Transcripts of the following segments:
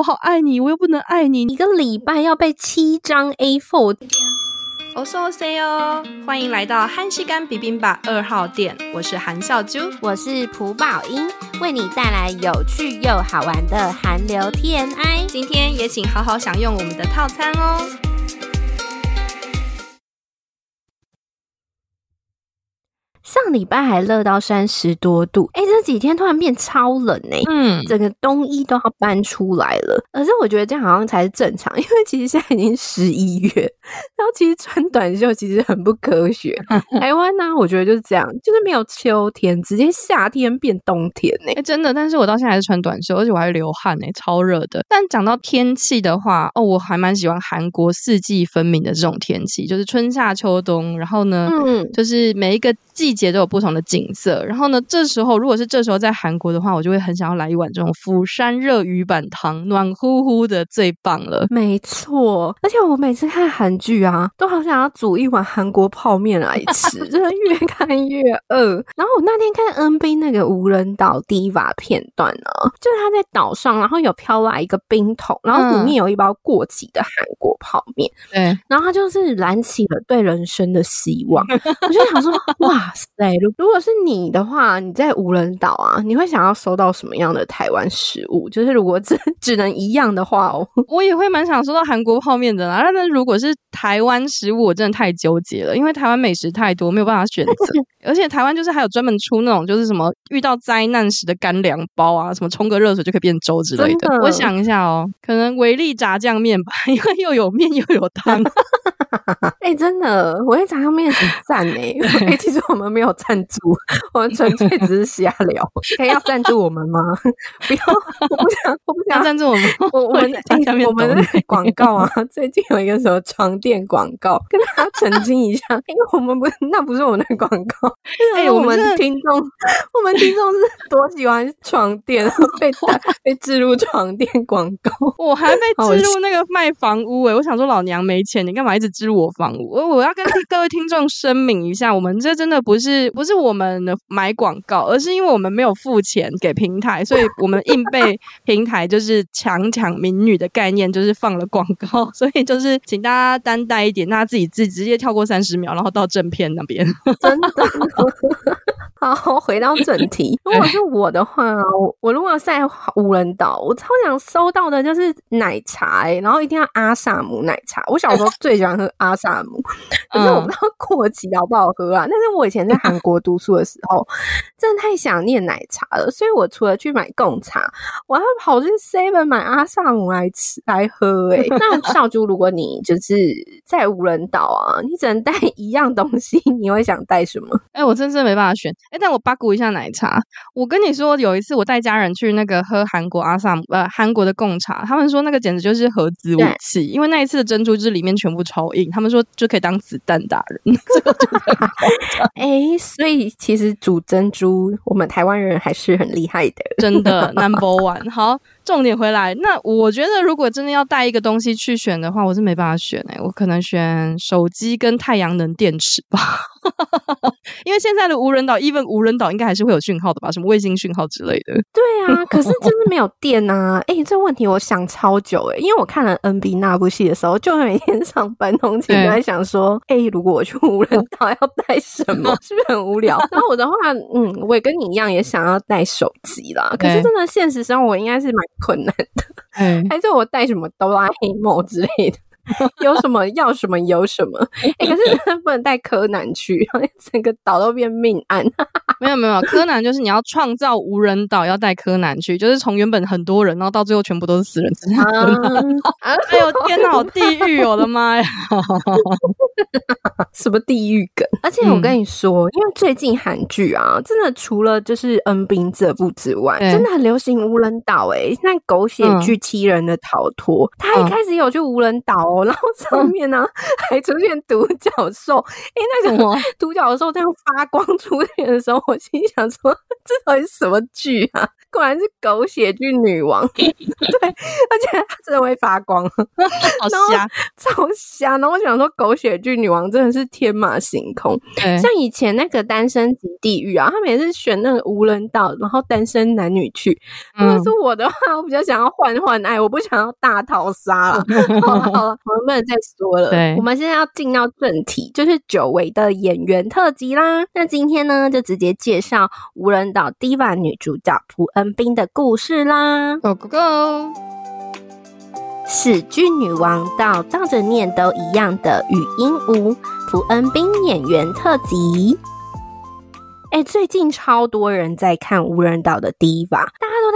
我好愛你，我又不能愛你。一個禮拜要背七張 A4。我是 OC 哦，歡迎來到韓食柑 bibimbap 二號店。我是韓笑珠，我是朴寶英，為你帶來有趣又好玩的韓流 TMI。今天也請好好享用我們的套餐哦。上禮拜還熱到三十多度，哎、欸，這幾天突然變超冷呢、欸。嗯，整個冬衣都要搬出來了。可是我覺得這樣好像才是正常，因為其實現在已經十一月，然後其實穿短袖其實很不科學。台 灣呢、啊，我覺得就是這樣，就是沒有秋天，直接夏天變冬天呢、欸欸，真的。但是我到現在還是穿短袖，而且我還流汗呢、欸，超熱的。但講到天氣的話，哦，我還蠻喜歡韓國四季分明的這種天氣，就是春夏秋冬，然後呢，嗯，就是每一個季。都有不同的景色，然後呢，這時候如果是這時候在韓國的話，我就會很想要來一碗這種釜山熱魚板湯，暖乎乎的，最棒了。沒錯，而且我每次看韓劇啊，都好想要煮一碗韓國泡麵來吃， 真的越看越餓。然後我那天看恩斌那個無人島 Diva 片段呢，就是他在島上，然後有飄來一個冰桶，然後裡面有一包過期的韓國泡麵，嗯、對，然後他就是燃起了對人生的希望，我就想說 哇。對，如果是你的話，你在無人島啊，你會想要收到什麼樣的台灣食物？就是如果只只能一樣的話，哦，我也會蠻想收到韓國泡麵的啦。那如果是台灣食物，我真的太糾結了，因為台灣美食太多，沒有辦法選擇。 而且台灣就是還有專門出那種就是什麼遇到災難時的乾糧包啊，什麼沖個熱水就可以變粥之類的、的。我想一下哦，可能維力炸醬麵吧，因為又有麵又有湯。 哎 欸，真的，我在上面很讚哎、欸欸。其實我們沒有贊助，我們純粹只是瞎聊。可以要贊助我們嗎？不要，我不想，我不想贊助我們。我我們、欸、我們的那個廣告啊， 最近有一個什麼床墊廣告，跟大家澄清一下，因 為、欸、我們不，那不是我們的廣告。哎、欸欸，我們聽眾，我們聽眾是多喜歡床墊，被 被植入床墊廣告，我還被植入那個賣房屋、欸。哎， 我想說老娘沒錢，你幹嘛一直。知我方，我我要跟各位聽眾聲明一下，我們這真的不是不是我們的買廣告，而是因為我們沒有付錢給平台，所以我們硬被平台就是強搶民女的概念，就是放了廣告，所以就是請大家擔待一點，大家自己自己直接跳過三十秒，然後到正片那邊。真的， 好，回到正題、欸，如果是我的話，我我如果在無人島，我超想收到的就是奶茶、欸，然後一定要阿薩姆奶茶，我小時候最喜歡。喝阿薩姆，可是我不知道過期好不好喝啊？嗯。但是我以前在韓國讀書的時候，真 的太想念奶茶了，所以我除了去買貢茶，我還跑去 Seven 買阿薩姆來吃來喝，欸。哎， 那少豬如果你就是在無人島啊，你只能帶一樣東西，你會想帶什麼？哎， 欸，我真是沒辦法選。哎，欸，但我八卦一下奶茶。我跟你說，有一次我帶家人去那個喝韓國阿薩姆，呃，韓國的貢茶，他們說那個簡直就是核子武器，因為那一次的珍珠汁裡面全部抽。他們說就可以當子彈打人，哎、 欸，所以其實煮珍珠，我們台灣人還是很厲害的，真的 number one 好。重點回來，那我覺得如果真的要帶一個東西去選的話，我是沒辦法選誒、欸、我可能選手機跟太陽能電池吧， 因為現在的無人島，even 無人島應該還是會有訊號的吧，什麼衛星訊號之類的。對啊，可是就是沒有電啊！誒、 欸、這問題我想超久誒、欸、因為我看了 NB 那部戲的時候，就每天上班通勤都在想說，誒、欸、如果我去無人島要帶什麼，是不是很無聊？ 然後我的話，嗯，我也跟你一樣，也想要帶手機啦。可是真的現實生活應該是蠻。困難的，欸，還是我帶什麼哆啦 A 夢之類的。有什麼要什麼有什麼，哎、欸，可是不能帶柯南去，然後整個島都變命案。 沒有沒有，柯南就是你要創造無人島，要帶柯南去，就是從原本很多人，然後到最後全部都是死人。 嗯、 哎呦天吶， 地獄！我的媽呀， 什麼地獄梗？而且我跟你說，因為最近韓劇啊，真的除了就是恩斌這部之外、嗯，真的很流行無人島。哎，那狗血劇《七人的逃脫》嗯，他一開始有去無人島哦、欸。然後上面呢、啊嗯、還出現獨角獸，誒、欸，那個獨角獸這樣發光出現的時候，我心想說：這到底是什麼劇啊？果然是狗血劇女王， 對，而且它真的會發光， 好瞎，超瞎。然後我想說，狗血劇女王真的是天馬行空，欸、像以前那個《單身即地獄》啊，他每次選那個無人島，然後單身男女去。如、嗯、果是我的話，我比較想要換換愛，我不想要大逃殺 好了。好我們不要再說了。對，我們現在要進到正題，就是久違的演員特輯啦。那今天呢，就直接介紹《無人島 Diva》女主角朴恩斌的故事啦。Go go go。史劇女王到，照着念都一樣的語音屋，朴恩斌演員特輯。欸。最近超多人在看《無人島的 Diva》。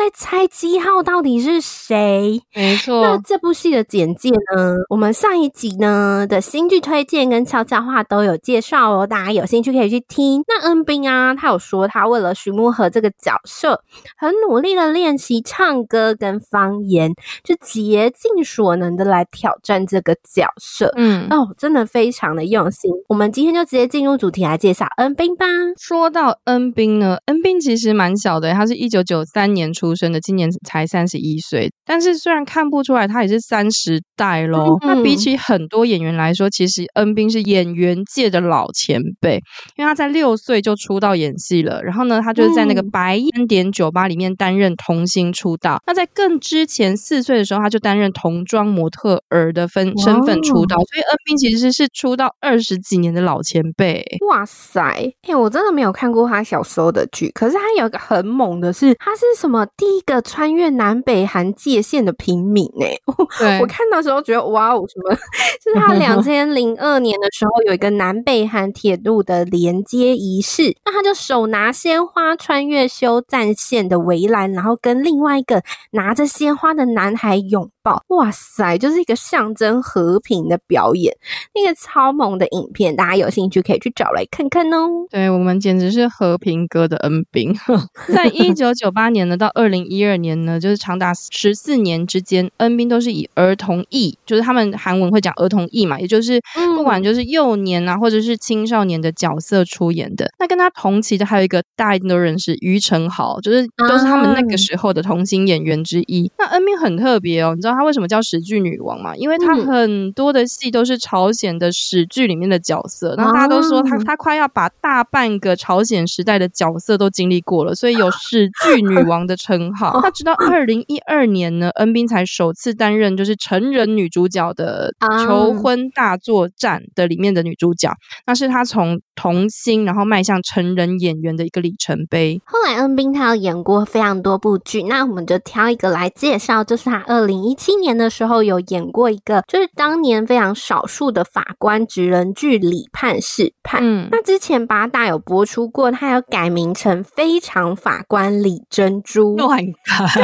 在猜機號到底是誰？沒錯。那這部戲的簡介呢？我們上一集呢的新劇推薦跟悄悄話都有介紹哦，大家有興趣可以去聽。那恩斌啊，他有說他為了徐木荷這個角色，很努力的練習唱歌跟方言，就竭盡所能的來挑戰這個角色。嗯，哦，真的非常的用心。我們今天就直接進入主題來介紹恩斌吧。說到恩斌呢，恩斌其實蠻小的、欸，他是一九九三年出。生的今年才三十一歲，但是雖然看不出來，他也是三十代嘍、嗯。那比起很多演員來說，其實恩斌是演員界的老前輩，因為他在六歲就出道演戲了。然後呢，他就是在那個白夜點九八裡面擔任童星出道。嗯、那在更之前四歲的時候，他就擔任童裝模特兒的分身份出道。哦、所以恩斌其實是出道二十幾年的老前輩。哇塞！哎、欸，我真的沒有看過他小時候的劇，可是他有一個很猛的是，他是什麼？第一個穿越南北韓界線的平民呢，我看到的時候覺得哇哦，什麼？就是他兩千零二年的時候有一個南北韓鐵路的連接儀式，那他就手拿鮮花穿越休戰線的圍欄，然後跟另外一個拿着鮮花的男孩擁抱。哇塞，就是一個象徵和平的表演，那個超萌的影片，大家有興趣可以去找來看看哦。對我們簡直是和平鴿的恩斌， 在一九九八年的到二零。零一二年呢，就是長達十四年之間，恩斌都是以兒童役，就是他們韓文會講兒童役嘛，也就是不管就是幼年啊、嗯，或者是青少年的角色出演的。那跟他同期的還有一個大家都認識於承豪，就是都是他們那個時候的童星演員之一。嗯、那恩斌很特別哦，你知道他為什麼叫史劇女王嗎？因為他很多的戲都是朝鮮的史劇裡面的角色，那、嗯、大家都說他、嗯、他快要把大半個朝鮮時代的角色都經歷過了，所以有史劇女王的稱、嗯。 很好，他直到二零一二年呢，oh. 恩斌才首次擔任就是成人女主角的《求婚大作戰》的裡面的女主角，uh. 那是她從，童星，然後邁向成人演員的一個里程碑。後來，恩斌他有演過非常多部劇，那我們就挑一個來介紹，就是他二零一七年的時候有演過一個，就是當年非常少數的法官職人劇《李判事判》。嗯，那之前八大有播出過，他有改名成《非常法官李珍珠》。對，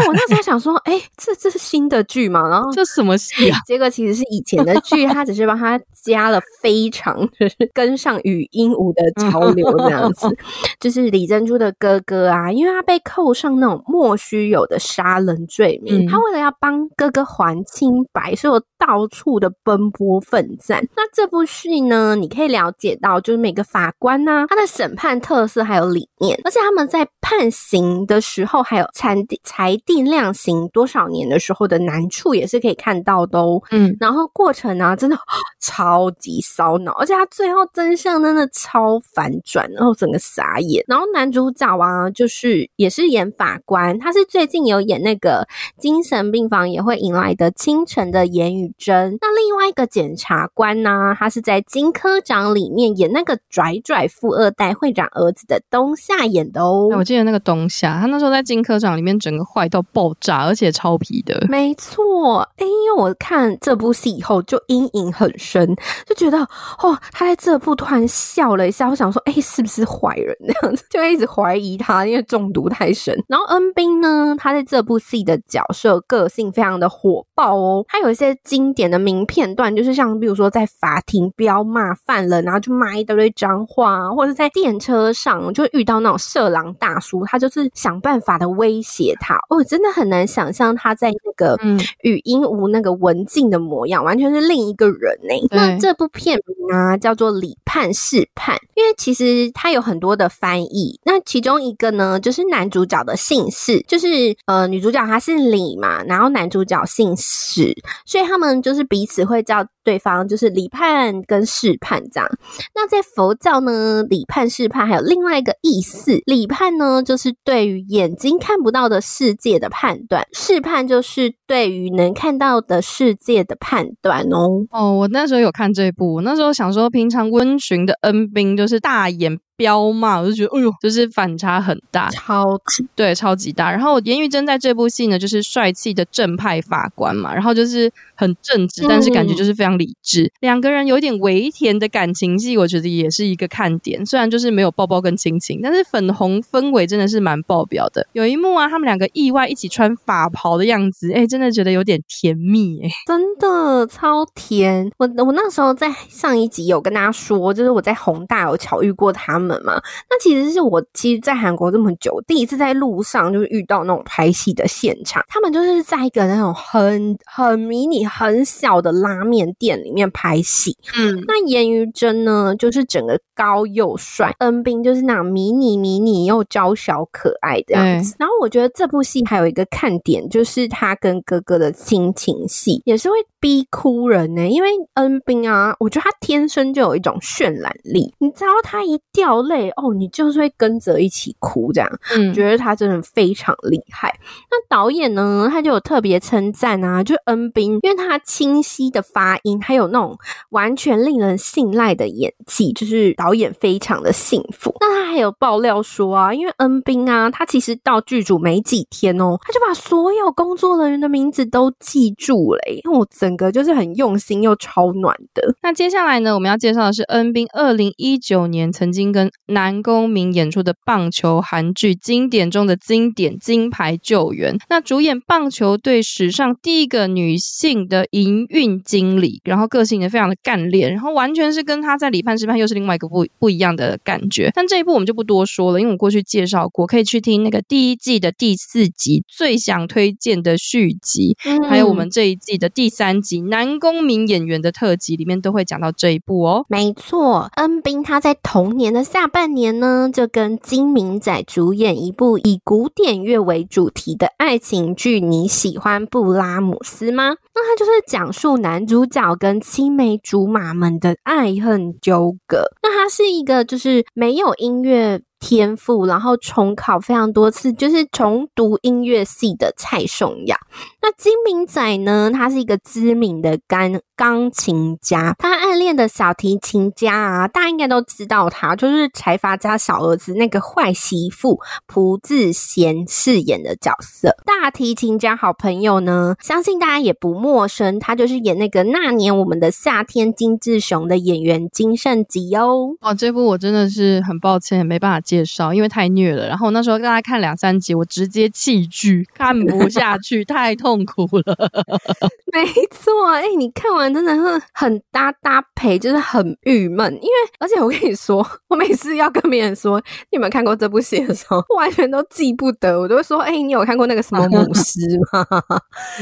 就我那時候想說，哎、 欸，這這是新的劇嘛，然後這什麼戲啊？結果其實是以前的劇，他只是幫他加了“非常”， 跟上語音。的潮流這樣子， 就是李珍珠的哥哥啊，因為他被扣上那種莫須有的殺人罪名、嗯，他為了要幫哥哥還清白，所以我到處的奔波奮戰。那這部戲呢，你可以了解到，就是每個法官呢、啊，他的審判特色還有理念，而且他們在判刑的時候，還有裁定裁定量刑多少年的時候的難處，也是可以看到的哦。嗯，然後過程呢、啊，真的超級燒腦，而且他最後真相真的。超反轉，然後整個傻眼。然後男主角啊，就是也是演法官，他是最近有演那個精神病房也會迎來的清晨的延宇振。那另外一個檢察官呢，他是在金科長裡面演那個拽拽富二代會長兒子的東夏演的哦、啊。我記得那個東夏，他那時候在金科長裡面整個壞到爆炸，而且超皮的。沒錯，哎、欸，因為我看這部戲以後就陰影很深，就覺得哦，他在這部突然笑了。等一下，我想說，哎、欸，是不是壞人那樣子？就一直懷疑他，因為中毒太深。然後恩斌呢，他在這部戲的角色個性非常的火爆哦。他有一些經典的名片段，就是像比如說在法庭飆罵犯人，然後就罵一堆髒話，或者在電車上就遇到那種色狼大叔，他就是想辦法的威脅他。哦，真的很難想象他在那個語音無那個文靜的模樣、嗯，完全是另一個人呢、欸。那這部片名啊，叫做《理判事判》。因為其實它有很多的翻譯，那其中一個呢，就是男主角的姓氏，就是呃女主角她是李嘛，然後男主角姓史，所以他們就是彼此會叫對方，就是李判跟史判這樣。那在佛教呢，李判事判還有另外一個意思，李判呢就是對於眼睛看不到的世界的判斷，事判就是對於能看到的世界的判斷哦。哦，我那時候有看這一部，那時候想說平常溫馴的恩斌。就是大眼。標嘛，我就覺得，哎呦，就是反差很大，超級對，超級大。然後延宇振在這部戲呢，就是帥氣的正派法官嘛，然後就是很正直，但是感覺就是非常理智。嗯、兩個人有一點微甜的感情戲，我覺得也是一個看點。雖然就是沒有抱抱跟親親，但是粉紅氛圍真的是蠻爆表的。有一幕啊，他們兩個意外一起穿法袍的樣子，哎，真的覺得有點甜蜜、欸，哎，真的超甜。我我那時候在上一集有跟大家說，就是我在弘大有巧遇過他們。嘛，那其實是我其實，在韓國這麼久，第一次在路上就是遇到那種拍戲的現場，他們就是在一個那種很很迷你很小的拉麵店裡面拍戲。嗯，那嚴於真呢，就是整個高又帥，恩斌就是那種迷你迷你又嬌小可愛的樣子、嗯。然後我覺得這部戲還有一個看點，就是他跟哥哥的親情戲也是會逼哭人呢、欸，因為恩斌啊，我覺得他天生就有一種渲染力，你知道他一掉。累哦，你就是會跟着一起哭，這樣，嗯，覺得他真的非常厲害。那導演呢，他就有特別稱讚啊，就恩斌，因為他清晰的發音，還有那種完全令人信賴的演技，就是導演非常的幸福。那他還有爆料說啊，因為恩斌啊，他其實到劇組沒幾天哦，他就把所有工作人員的名字都記住了，那我整個就是很用心又超暖的。那接下來呢，我們要介紹的是恩斌，二零一九年曾經跟南宮珉演出的棒球韓劇經典中的經典《金牌救援》，那主演棒球隊史上第一個女性的營運經理，然後個性也非常的幹練，然後完全是跟她在《理判事判》又是另外一個不不一樣的感覺。但這一部我們就不多說了，因為我過去介紹過，可以去聽那個第一季的第四集最想推薦的續集，嗯、還有我們這一季的第三集南宮珉演員的特輯，裡面都會講到這一部哦。沒錯，恩斌她在童年的。下半年呢，就跟金旻載主演一部以古典樂為主題的愛情劇。你喜歡布拉姆斯嗎？那它就是講述男主角跟青梅竹馬們的愛恨糾葛。那它是一個就是沒有音樂天賦，然後重考非常多次，就是重讀音樂系的蔡頌雅。那金旻載呢？他是一個知名的鋼鋼琴家，他暗戀的小提琴家啊，大家應該都知道他，就是財閥家小兒子那個壞媳婦朴智賢飾演的角色。大提琴家好朋友呢，相信大家也不陌生，他就是演那個《那年我們的夏天》金志雄的演員金聖吉哦。哦、啊，這部我真的是很抱歉，沒辦法。介紹，因為太虐了。然後我那時候大概看兩三集，我直接棄劇，看不下去， 太痛苦了 沒錯，哎、欸，你看完真的是很搭搭配，就是很鬱悶。因為而且我跟你說，我每次要跟別人說你有沒有看過這部戲的時候，我完全都記不得。我都會說，哎、欸，你有看過那個什麼母獅嗎？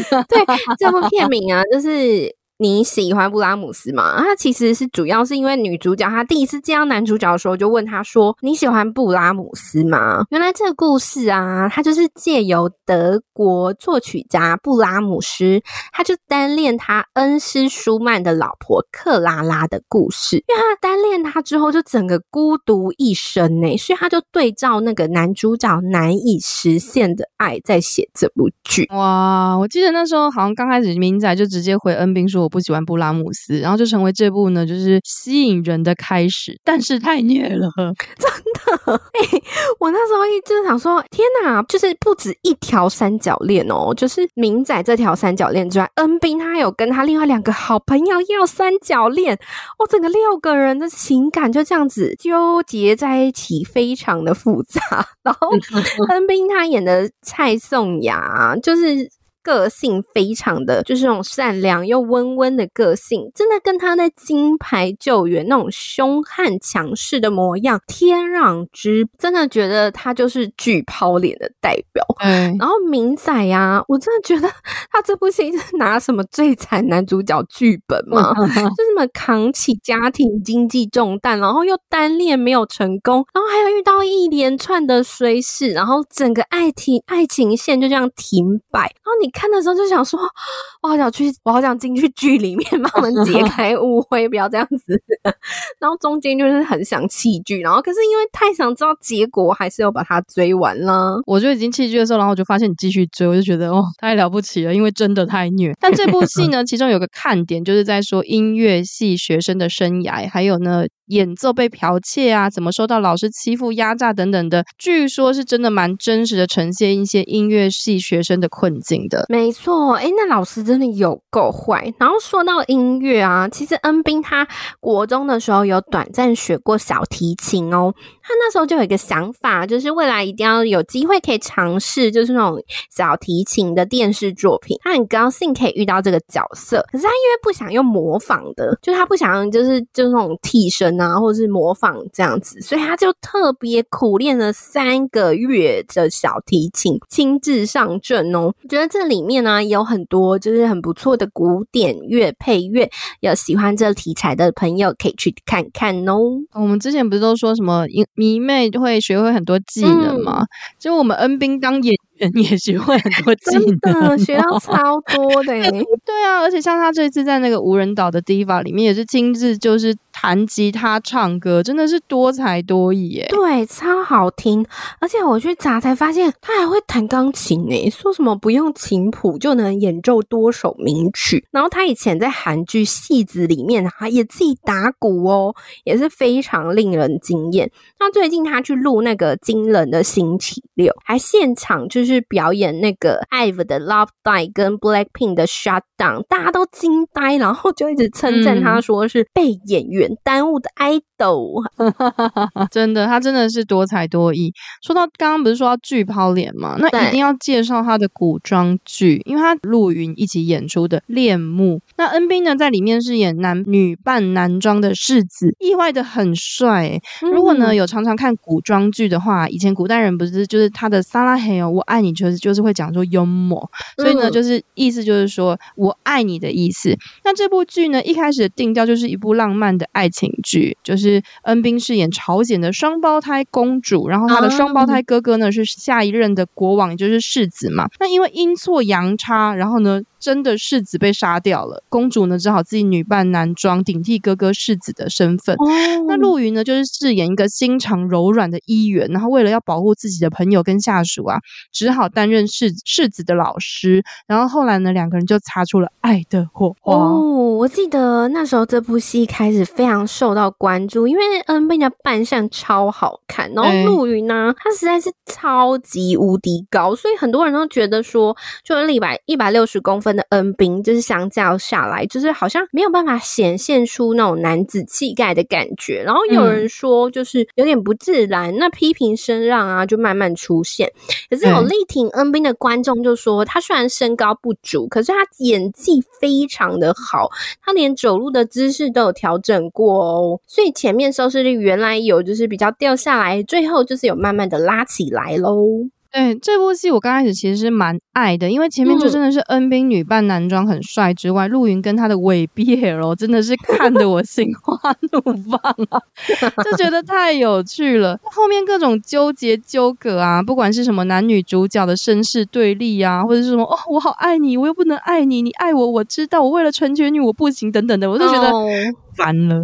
對，這部片名啊，就是。你喜歡布拉姆斯嗎？他其實是主要是因為女主角，她第一次見到男主角的時候就問他說：“你喜歡布拉姆斯嗎？”原來這個故事啊，他就是借由德國作曲家布拉姆斯，他就單戀他恩師舒曼的老婆克拉拉的故事。因為他單戀他之後就整個孤獨一生呢、欸，所以他就對照那個男主角難以實現的愛，在寫這部劇。哇，我記得那時候好像剛開始明仔就直接回恩斌說。不喜歡布拉姆斯，然後就成為這部呢，就是吸引人的開始。但是太虐了， 真的、欸！我那時候一就是、想說，天哪，就是不止一條三角戀哦，就是明仔這條三角戀之外，恩斌他還有跟他另外兩個好朋友要三角戀，我、哦、整個六個人的情感就這樣子糾結在一起，非常的複雜。然後 恩斌他演的蔡頌雅，就是。個性非常的就是那種善良又溫溫的個性，真的跟他在金牌救援那種兇悍強勢的模樣天壤之，真的覺得他就是劇拋臉，的代表、嗯。然後明仔呀、啊，我真的覺得他這部戲是拿什麼最慘男主角劇本嘛、嗯嗯？就這麼扛起家庭經濟重擔，然後又單戀沒有成功，然後還有遇到一連串的衰事，然後整個愛情愛情線就這樣停擺，然後你。看的時候就想說，我好想去，我好想進去劇裡面幫他們解開誤會，不要這樣子。然後中間就是很想棄劇，然後可是因為太想知道結果，還是要把它追完了。我就已經棄劇的時候，然後我就發現你繼續追，我就覺得哦，太了不起了，因為真的太虐。但這部戲呢，其中有個看點，就是在說音樂系學生的生涯，還有呢。演奏被剽竊啊，怎麼受到老師欺負、壓榨等等的，據說是真的蠻真實的呈現一些音樂系學生的困境的。沒錯，誒，那老師真的有夠壞。然後說到音樂啊，其實恩斌他國中的時候有短暫學過小提琴哦。他那時候就有一個想法，就是未來一定要有機會可以嘗試，就是那種小提琴的電視作品。他很高興可以遇到這個角色，可是他因為不想用模仿的，就是他不想用就是，就那種替身啊，或者是模仿這樣子，所以他就特別苦練了三個月的小提琴，親自上陣哦。覺得這裡面呢，有很多就是很不錯的古典樂配樂，有喜歡這題材的朋友可以去看看哦。我們之前不是都說什麼音？迷妹會學會很多技能嘛、嗯？就我們恩斌當演員也學會很多技能真的，學到超多的、欸。 對啊，而且像他這次在那個無人島的 Diva 裡面，也是親自就是。彈吉他、唱歌，真的是多才多藝耶、欸！對，超好聽。而且我去查才發現，他還會彈鋼琴呢、欸，說什麼不用琴譜就能演奏多首名曲。然後他以前在韓劇戲子裡面啊，他也自己打鼓哦，也是非常令人驚豔。那最近他去錄那個《驚人的星期六》，還現場就是表演那個 IVE 的《Love Dive》跟 BLACKPINK 的《Shut Down》，大家都驚呆，然後就一直稱讚、嗯、他，說是被演員。耽誤的愛 d 真的，他真的是多才多藝。說到剛剛不是說要劇拋臉嘛？那一定要介紹他的古裝劇，因為他陸雲一起演出的《戀慕》。那恩 B 呢，在裡面是演男女扮男裝的世子，意外的很帥、欸嗯。如果呢有常常看古裝劇的話，以前古代人不是就是他的“撒拉嘿喲，我愛你”就是就是會講說幽默、嗯，所以呢就是意思就是說我愛你的意思。那這部劇呢一開始的定調就是一部浪漫的。愛情劇，就是恩斌飾演朝鮮的雙胞胎公主，然後她的雙胞胎哥哥呢，啊，是下一任的國王，也就是世子嘛。那因為陰錯陽差，然後呢。真的世子被殺掉了，公主呢只好自己女扮男裝，頂替哥哥世子的身份。哦，那陸雲呢，就是飾演一個心腸柔軟的醫員，然後為了要保護自己的朋友跟下屬啊，只好擔任世世子，子的老師。然後後來呢，兩個人就擦出了愛的火花。哦，我記得那時候這部戲開始非常受到關注，因為恩斌人家扮相超好看，然後陸雲呢，他、欸、實在是超級無敵高，所以很多人都覺得說，就立百一百六十公分。的恩斌就是相較下來，就是好像沒有辦法顯現出那種男子氣概的感覺。然後有人說就是有點不自然，嗯、那批評聲讓啊就慢慢出現。可是有力挺恩斌的觀眾就說、嗯，他雖然身高不足，可是他演技非常的好，他連走路的姿勢都有調整過哦。所以前面收視率原來有就是比較掉下來，最後就是有慢慢的拉起來嘍。對這部戲，我剛開始其實是蠻愛的，因為前面就真的是恩斌女扮男裝很帥之外，嗯、陸雲跟他的偽別嘍，真的是看得我心花怒放啊， 就覺得太有趣了。 後面各種糾結糾葛啊，不管是什麼男女主角的身世對立啊，或者是什麼哦，我好愛你，我又不能愛你，你愛我，我知道，我為了成全你我不行等等的，我都覺得、哦、煩了，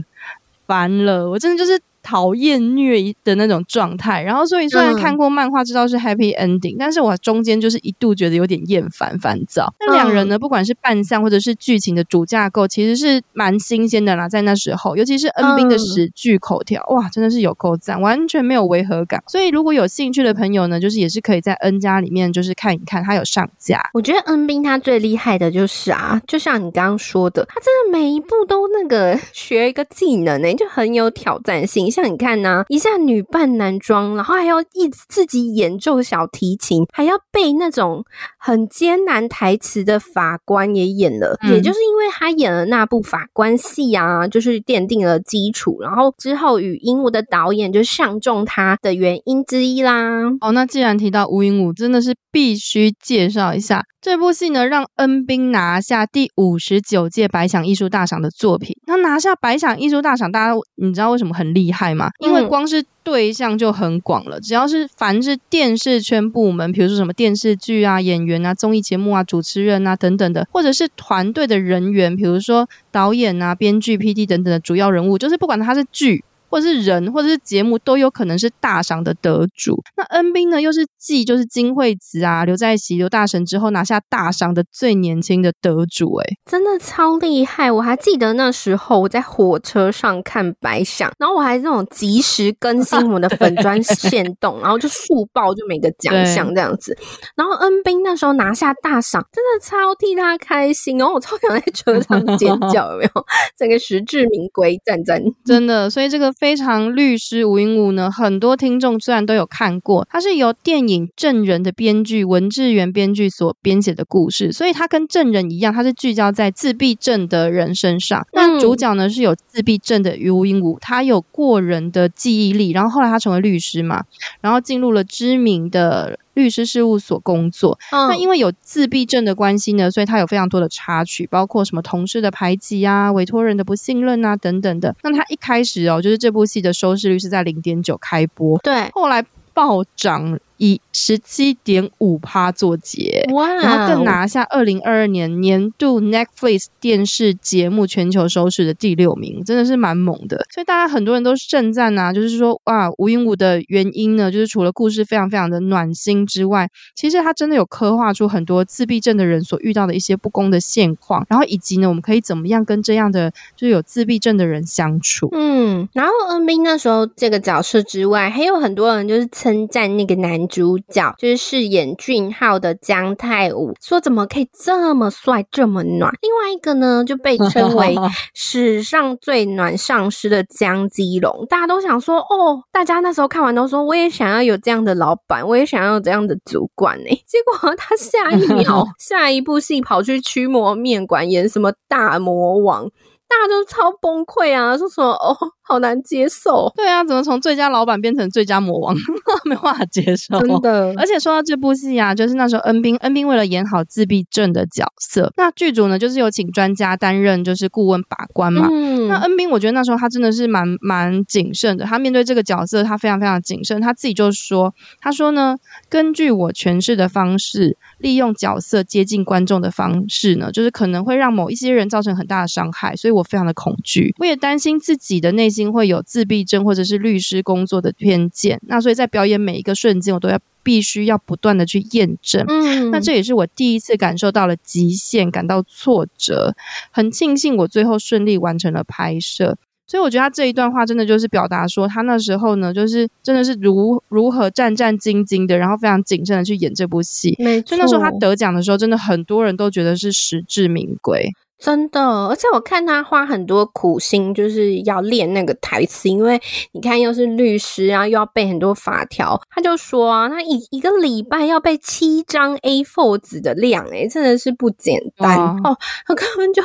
煩了，我真的就是。討厭虐的那種狀態，然後所以雖然看過漫畫知道是 happy ending，、嗯、但是我中間就是一度覺得有點厭煩、煩躁、嗯。那兩人呢，不管是扮相或者是劇情的主架構，其實是蠻新鮮的啦。在那時候，尤其是恩斌的史劇口條、嗯，哇，真的是有夠讚，完全沒有違和感。所以如果有興趣的朋友呢，就是也是可以在 N 家裡面就是看一看，他有上架。我覺得恩斌他最厲害的就是啊，就像你剛剛說的，他真的每一部都那個學一個技能呢、欸，就很有挑戰性。像你看呢、啊，一下女扮男裝，然後還要一自己演奏小提琴，還要背那種很艱難台詞的法官也演了、嗯。也就是因為他演了那部法官戲啊，就是奠定了基礎，然後之後《禹英禑》的導演就相中他的原因之一啦。哦，那既然提到《禹英禑》，真的是必須介紹一下。這部戲呢，讓恩斌拿下第五十九屆百想藝術大賞的作品。那拿下百想藝術大賞，大家你知道為什麼很厲害嗎？因為光是對象就很廣了、嗯，只要是凡是電視圈部門，比如說什麼電視劇啊、演員啊、綜藝節目啊、主持人啊等等的，或者是團隊的人員，比如說導演啊、編劇、P D 等等的主要人物，就是不管他是劇，或者是人，或者是節目，都有可能是大賞的得主。那恩斌呢，又是繼就是金惠子啊、劉在錫劉大神之後拿下大賞的最年輕的得主，欸，哎，真的超厲害！我還記得那時候我在火車上看百想，然後我還這種及時更新我們的粉專限動， 然後就速報就每個獎項這樣子。然後恩斌那時候拿下大賞，真的超替他開心，然後我超想在車上尖叫，有沒有？整 個實至名歸，讚讚，真的。所以這個。非常律師吳英武呢，很多聽眾雖然都有看過，他是由電影《證人》的編劇文志源編劇所編寫的故事，所以他跟《證人》一樣，他是聚焦在自閉症的人身上。那主角呢是有自閉症的吳英武，他有過人的記憶力，然後後來他成為律師嘛，然後進入了知名的。律師事務所工作，嗯，那因為有自閉症的關係呢，所以他有非常多的插曲，包括什麼同事的排擠啊、委託人的不信任啊等等的。那他一開始哦，就是這部戲的收視率是在零點九開播，對，後來暴漲一。十七點五趴作結，哇、wow！然後更拿下二零二二年年度 Netflix 電視節目全球收視的第六名，真的是蠻猛的。所以大家很多人都盛讚啊，就是說哇，《禹英禑》的原因呢，就是除了故事非常非常的暖心之外，其實它真的有刻畫出很多自閉症的人所遇到的一些不公的現況，然後以及呢，我們可以怎麼樣跟這樣的就是有自閉症的人相處？嗯，然後恩斌那時候這個角色之外，還有很多人就是稱讚那個男主。就是飾演俊浩的薑泰伍，說怎麼可以這麼帥這麼暖。另外一個呢，就被稱為史上最暖上司的薑基龍， 大家都想說哦，大家那時候看完都說，我也想要有這樣的老板，我也想要有這樣的主管欸。結果他下一秒，下一部戲跑去驅魔面館演什麼大魔王。那、啊、就超崩潰啊！說什麼哦，oh, 好難接受。對啊，怎麼從最佳老闆變成最佳魔王？ 沒辦法接受。真的，而且說到這部戲啊，就是那時候恩斌，恩斌為了演好自閉症的角色，那劇組呢就是有請專家擔任就是顧問把關嘛。嗯，那恩斌，我覺得那時候他真的是蠻蠻謹慎的。他面對這個角色，他非常非常謹慎。他自己就說，他說呢，根據我詮釋的方式。利用角色接近觀眾的方式呢，就是可能會讓某一些人造成很大的傷害，所以我非常的恐懼，我也擔心自己的內心會有自閉症或者是律師工作的偏見。那所以在表演每一個瞬間，我都要必須要不斷的去驗證。嗯。那這也是我第一次感受到了極限，感到挫折。很慶幸我最後順利完成了拍攝。所以我覺得他這一段話真的就是表達說，他那時候呢，就是真的是如如何戰戰兢兢的，然後非常謹慎的去演這部戲。沒錯，所以那時候他得獎的時候，真的很多人都覺得是實至名歸。真的，而且我看他花很多苦心，就是要練那個台詞。因為你看，又是律師啊，又要背很多法條。他就說啊，他一一個禮拜要背七張 A4 紙的量，欸，哎，真的是不簡單、啊、哦。他根本就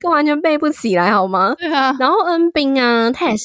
就完全背不起來，好嗎？對啊。然後恩斌啊，他也是。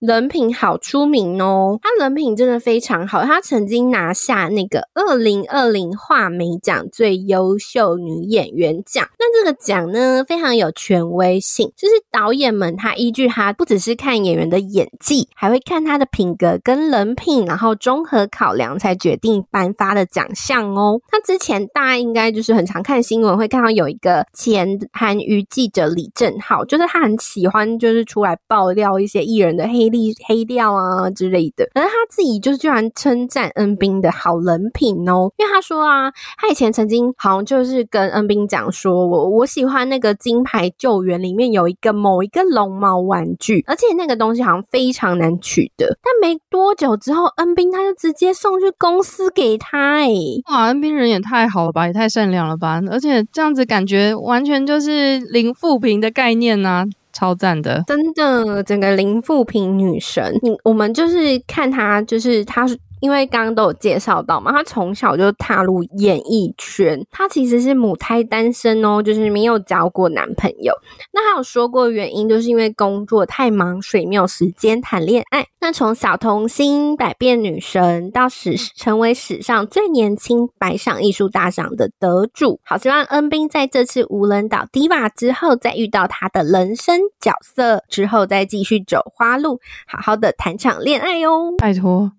人品好出名哦，她人品真的非常好。她曾經拿下那個二零二零畫美獎最優秀女演員獎，那這個獎呢非常有權威性，就是導演們他依據他不只是看演員的演技，還會看她的品格跟人品，然後綜合考量才決定頒發的獎項哦。他之前大家應該就是很常看新聞，會看到有一個前韓娛記者李正浩，就是他很喜歡就是出來爆料一些藝人的黑。黑掉啊之類的，可是他自己就居然稱讚恩斌的好人品哦，因為他說啊，他以前曾經好像就是跟恩斌講說，我我喜歡那個金牌救援裡面有一個某一個龍貓玩具，而且那個東西好像非常難取得，但沒多久之後，恩斌他就直接送去公司給他，欸。哎，哇，恩斌人也太好了吧，也太善良了吧，而且這樣子感覺完全就是零負評的概念啊。超讚的，真的，整個零負評女神，你我們就是看她，就是她。因為剛剛都有介紹到嘛，她從小就踏入演藝圈，她其實是母胎單身哦，就是沒有交過男朋友。那她有說過原因，就是因為工作太忙，所以沒有時間談戀愛。那從小童星、百變女神，到史成為史上最年輕百想藝術大賞的得主，好希望恩斌在這次無人島 Diva 之後，再遇到他的人生角色之後，再繼續走花路，好好的談場戀愛喲、哦、拜託。